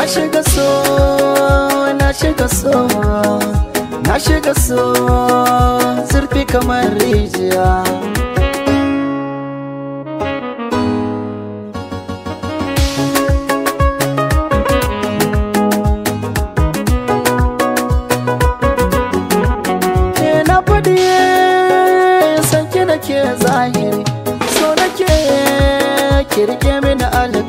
na shiga so na shiga so na shiga so zurfi kamar rijiya Zahiri so nake kirke mini alƙa